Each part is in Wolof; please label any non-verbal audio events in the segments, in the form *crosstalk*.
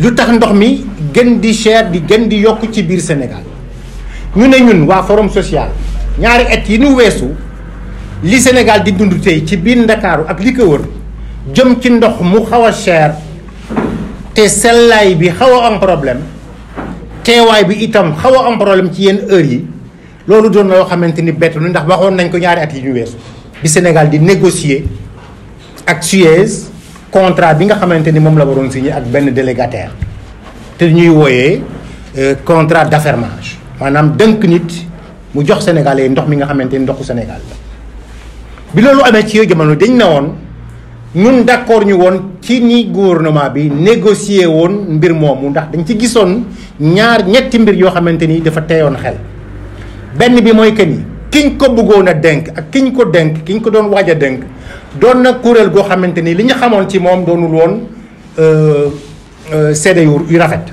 lu tax ndox mi gën di cher di gën di yokk ci biir Sénégal ñu ne ñun waa forum social ñaari at yi ñu weesu li Sénégal di dund tey ci biir Ndakaaru ak li ko wër jëm ci ndox mu xaw a cher te sellaay bi xaw a am problème teewaay bi itam xaw a am problème ci yenn heures yi loolu doon na loo xamante ni bett nu ndax waxoon nañ ko ñaari at yi ñu weesu bi Sénégal di négocier ak Suez contrat bi nga xamante ni moom la waroon signé ak benn délégataire te ñuy wooyee euh, contrat d'affermage maanaam dënk nit mu jox sénégalais ndox mi nga xamante ni ndoxu Sénégal la bi loolu amee ci jamono dañ ne woon ñun d'accord ñu woon ci ni gouvernement bi négocier woon mbir moomu ndax dañ ci gisoon ñaar ñetti mbir yoo xamante ni dafa teyoon xel benn bi mooy que ni kiñ ko bëggoon a dénk ak kiñ ko dénk kiñ ko doon waaj a dénk donne nag kuréel goo xamante ni li ñu xamoon ci moom doonul woon euh, euh, yu rafet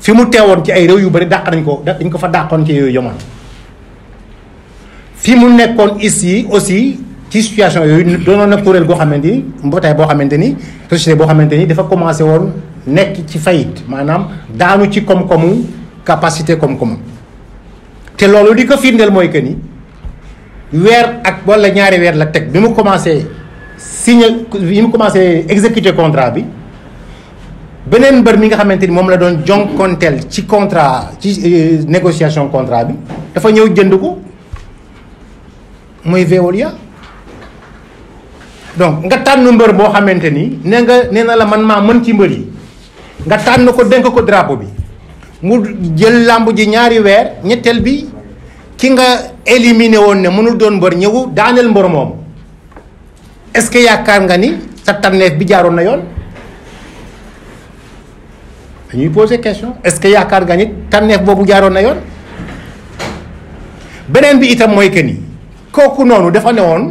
fi mu ci ay réew yu nañ ko dañ ko fa ici aussi ci situation yooyu doonoon na kuréel goo xamante ni mbootaay boo commencé ci capacité koom-koomu te loolu di que ni weer ak wala ñaari weer la teg bi mu commencé signé bi mu commencé exécuter contrat bi beneen mbër mi nga xamante ni moom la doon jonkonteel ci contrat ci euh, négociation contrat bi dafa ñëw jënd ko mooy Veolia donc nga tànn mbër boo xamante ni nee nga nee na la man maa mën ci mbër yi nga tànn ko dénk ko drapeau bi mu jël làmb ji ñaari weer ñetteel bi ki nga éliminé woon ne mënul doon mbër ñëwu daaneel mbër moom est-ce que yaakaar nga ni sa tànneef bi jaaroon na yoon dañuy poser question est-ce que yaakaar nga ni tànneef boobu jaaroon na yoon beneen bi itam mooy que ni kooku noonu dafa ne woon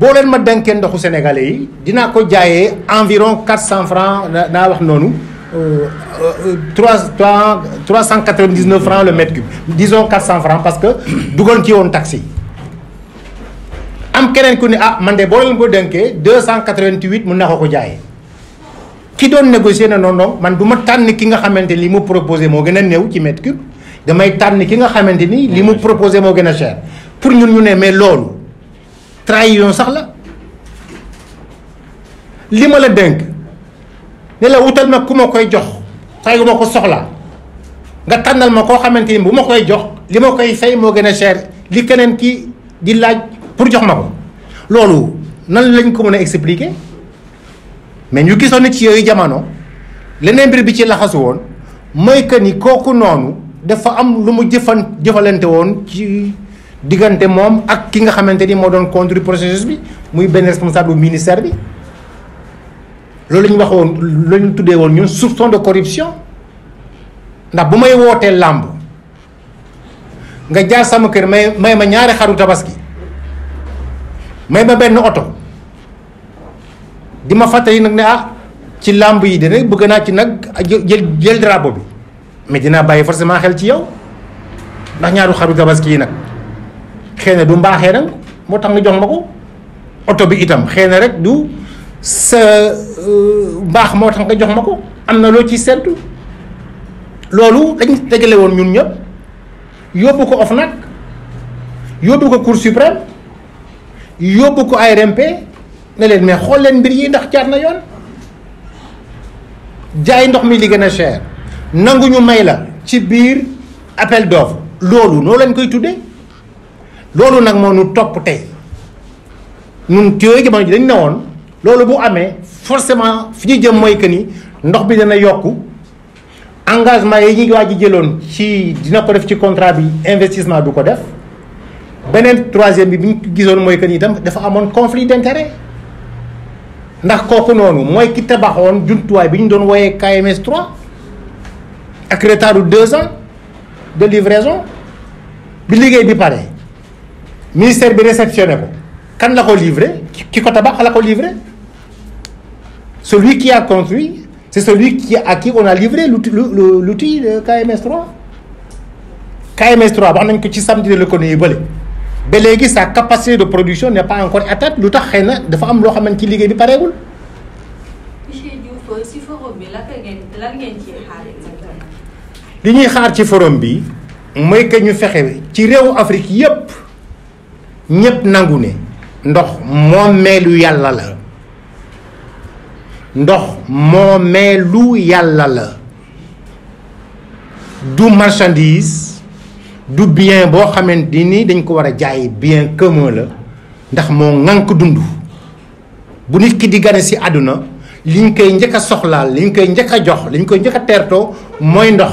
boo leen ma denkee ndoxu sénégalais yi dinaa ko jaayee environ quatre cent francs naa wax noonu 3, 3, 399 francs le mètre cube disons 400 francs parce que Dougon *coughs* ci woon taxi yi am kenen ku ne ah man de boo leen ko 288 mun na ko ko ki doon négocier ne non non man du ma ki nga xamanteni li mu proposé mo gëna new ci mètre cube damay tànn ki nga xamanteni ni li mu proposé mo gëna cher pour ñun ñu né mais loolu trahison sax la li ma la dénk ne la wutal ma ku ma koy jox saa yu ma ko soxla nga tànnal ma koo xamante ni bu ma koy jox li ma koy fay moo gën a cher li keneen ki di laaj pour jox ma ko loolu nan lañ ko mën a expliquer mais ñu gisoon ni ci yooyu jamono leneen mbir bi ci laxasu woon mooy que ni kooku noonu dafa am lu mu jëfan jëfalante woon ci diggante moom ak ki nga xamante ni moo doon conduire processus bi muy benn responsable ministère bi loolu lañu ñu waxoon loolu ñu tuddee woon ñu soupçon de corruption ndax bu may wootee làmb nga jaar sama kër may may ma ñaari xaru tabaski may ma benn oto di ma fàttali nag ne ah ci làmb yi dina bëgg naa ci nag jël jël drapeau bi mais dinaa bàyyi forcément xel ci yow ndax ñaaru xaru tabaski yi nag xëy na du mbaaxee nag moo tax nga jox ma ko oto bi itam xëy na rek du. sa euh, baax moo tax nga jox ma ko am na loo ciy séntu loolu dañ dajale woon ñun ñëpp yóbbu ko nag yóbbu ko Cour suprême yóbbu ko ay ARMP ne leen mais xool leen mbir yi ndax jaar na yoon jaay ndox mi li gën a cher nanguñu may la ci biir appel d'offre loolu noo lañ koy tuddee loolu nag moo nu topp tey nun téyooyu jamono ji dañ ne woon loolu bu amé forcément fi ñu jëm moy que ni ndox bi dina yokku engagement yi ñuy waaj a ci dina ko def ci contrat bi investissement du ko def benen troisième bi bi ñu gisoon moy que ni dafa amone conflit d'intérêt ndax kooku noonu moy ki tabaxoon jumtuwaay biñ doon KMS 3 ak retardu 2 ans de livraison bi liggéey bi pare ministère bi réceptionné ko kan la ko livré ki ko tabax la ko livré celui qui a construit, c'est celui qui, à qui on a livré l'outil de KMS3. KMS3, on a que samedi le connaît. ba sa capacité de production n'est pas encore atteinte a des gens qui dafa am loo xamante ci liggéey bi pareegul. monsieur forum li ñuy xaar ci forum bi mooy que ñu fait ci en Afrique yépp ñépp nangu ne ndox moom meelu yàlla la ndox moomeelu yàlla la du marchandise du bien boo xamante ni dañ ko war a jaay bien commun la ndax moo ŋànk dund bu nit ki di gane si àdduna li ñu koy njëkk a soxlaal li ñu koy njëkk a jox li ñu koy njëkk a teertoo mooy ndox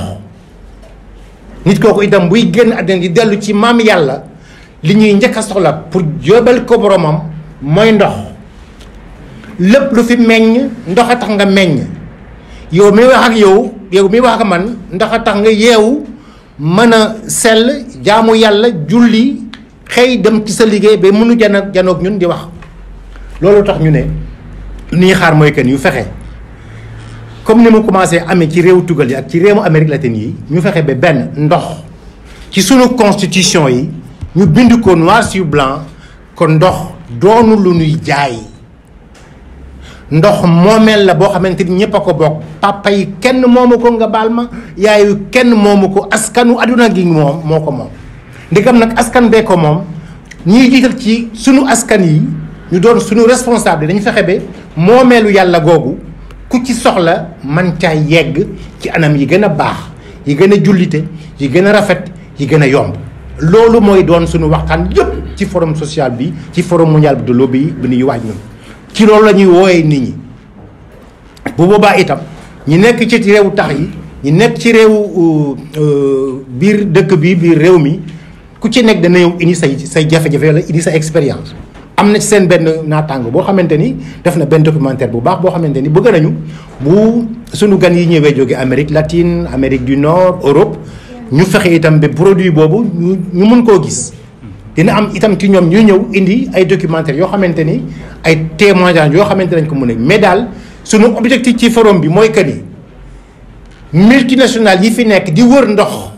nit kooku itam buy génn àdduna di dellu ci maam yàlla li ñuy njëkk a pour jóobal ko boromam mooy ndox lepp lu fi meññ ndox nga meññ yow mi wax ak yow yow mi wax man ndox a tax nga yeewu mën a sell julli dem ci ñun di wax comme ni mu commencé amee ci nous tugal yi ak ci Amérique latine yi ñu fexe ba ndox ci sunu constitution yi ñu bind noir sur blanc ndox ndox même la bo xamante ni papa yi kenn moomu nga balma yaay kenn askanu aduna gi mom moko mom ndikam nak askan be ko mom ñi jiital ci sunu askan yi ñu doon suñu responsable dañu fexe ba momelu yalla googu ku ci soxla man caa yegg ci anam yi yi yi rafet yi gëna yomb doon suñu forum social bi ci forum mondial de Lobby, ci lolou lañuy woyé nit ñi bu boobaa itam ñi nekk ci réewu tax yi ñi nekk ci réewu euh, euh, biir dëkk bi biir réew mi ku ci nekk na yow indi say say jafe jafé wala indi sa expérience amna ci seen ben na tang bo xamanteni def na ben documentaire bu baax bo xamanteni bëgg nañu bu suñu gan yi ñëwé joggé amérique latine amérique du nord europe ñu fexé itam be produit bobu ñu ñu mun gis dina am itam ci ñoom ñu ñëw indi ay documentaire yoo xamante ni ay témoignage yoo xamante nañ ko mën a mais daal sunu objectif ci forum bi mooy que ni multinationale yi fi nekk di wër ndox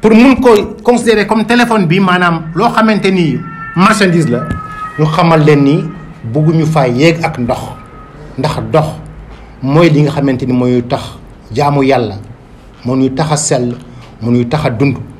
pour mun ko considérer comme téléphone bi maanaam loo xamante ni marchandise la ñu xamal leen ni bëgguñu faa yéeg ak ndox ndax dox mooy li nga xamante ni mooy tax jaamu yàlla moo nuy taxa a sell moo ñuy tax a dund